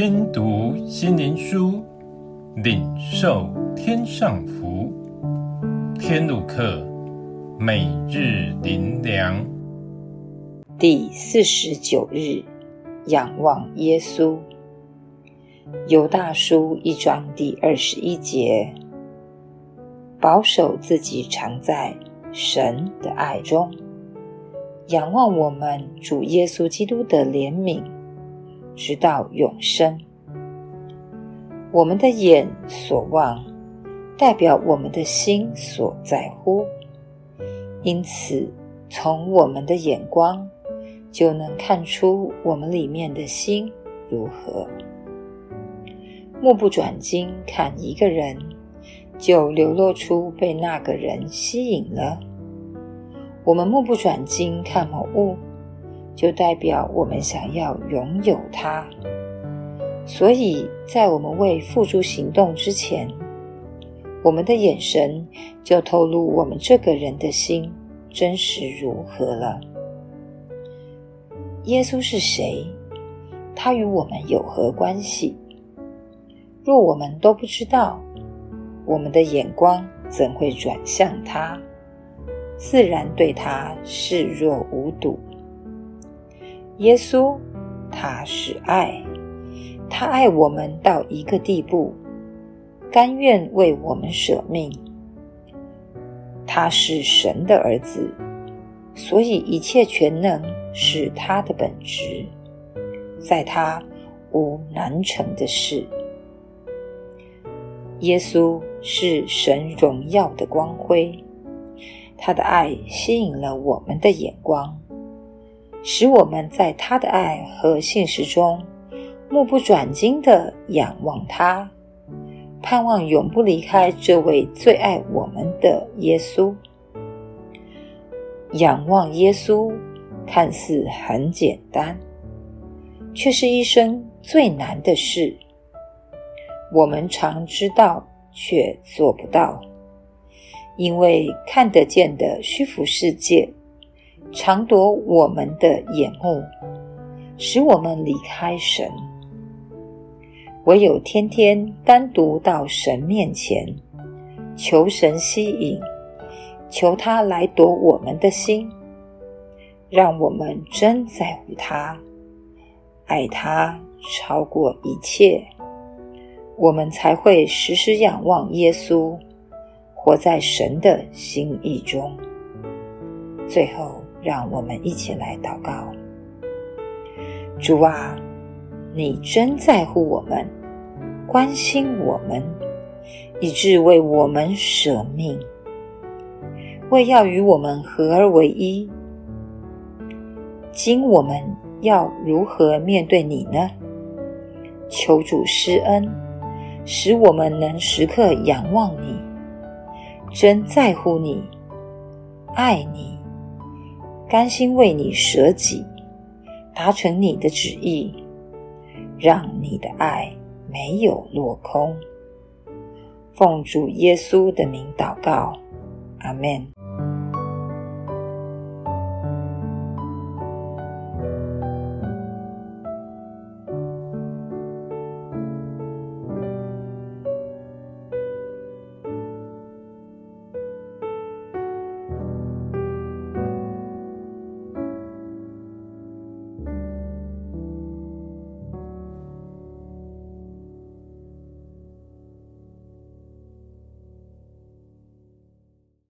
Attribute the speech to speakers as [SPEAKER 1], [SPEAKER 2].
[SPEAKER 1] 聽讀心靈書，領受天上福。天路客每日靈糧第四十九日，仰望耶穌。猶大書一章第二十一節，保守自己常在神的愛中，仰望我們主耶穌基督的憐憫。直到永生。我們的眼所望，代表我們的心所在乎。因此，從我們的眼光，就能看出我們裡面的心如何？目不轉睛看一個人，就流露出被那個人吸引了。我們目不轉睛看某物。就代表我們想要擁有它，所以在我們未付諸行動之前，我們的眼神就透露我們這個人的心真實如何了。耶穌是誰？他與我們有何關係？若我們都不知道，我們的眼光怎會轉向他？自然對他視若無睹。耶穌，他是愛，他愛我們到一個地步，甘願為我們捨命。他是神的兒子，所以一切權能是他的本質，在他無難成的事。耶穌是神榮耀的光輝，他的愛吸引了我們的眼光。使我們在他的愛和信實中，目不轉睛地仰望他，盼望永不離開這位最愛我們的耶穌。仰望耶穌看似很簡單，卻是一生最難的事。我們常知道卻做不到，因為看得見的虛浮世界。常奪我們的眼目，使我們離開神。唯有天天單獨到神面前，求神吸引，求他來奪我們的心，讓我們真在乎他，愛他超過一切，我們才會時時仰望耶穌，活在神的心意中。最後，讓我們一起來禱告。主啊，你真在乎我們，關心我們，以致為我們捨命，為要與我們合而為一。今我們要如何面對你呢？求主施恩，使我們能時刻仰望你，真在乎你，愛你。甘心為你捨己，達成你的旨意，讓你的愛沒有落空。奉主耶穌的名禱告，阿門。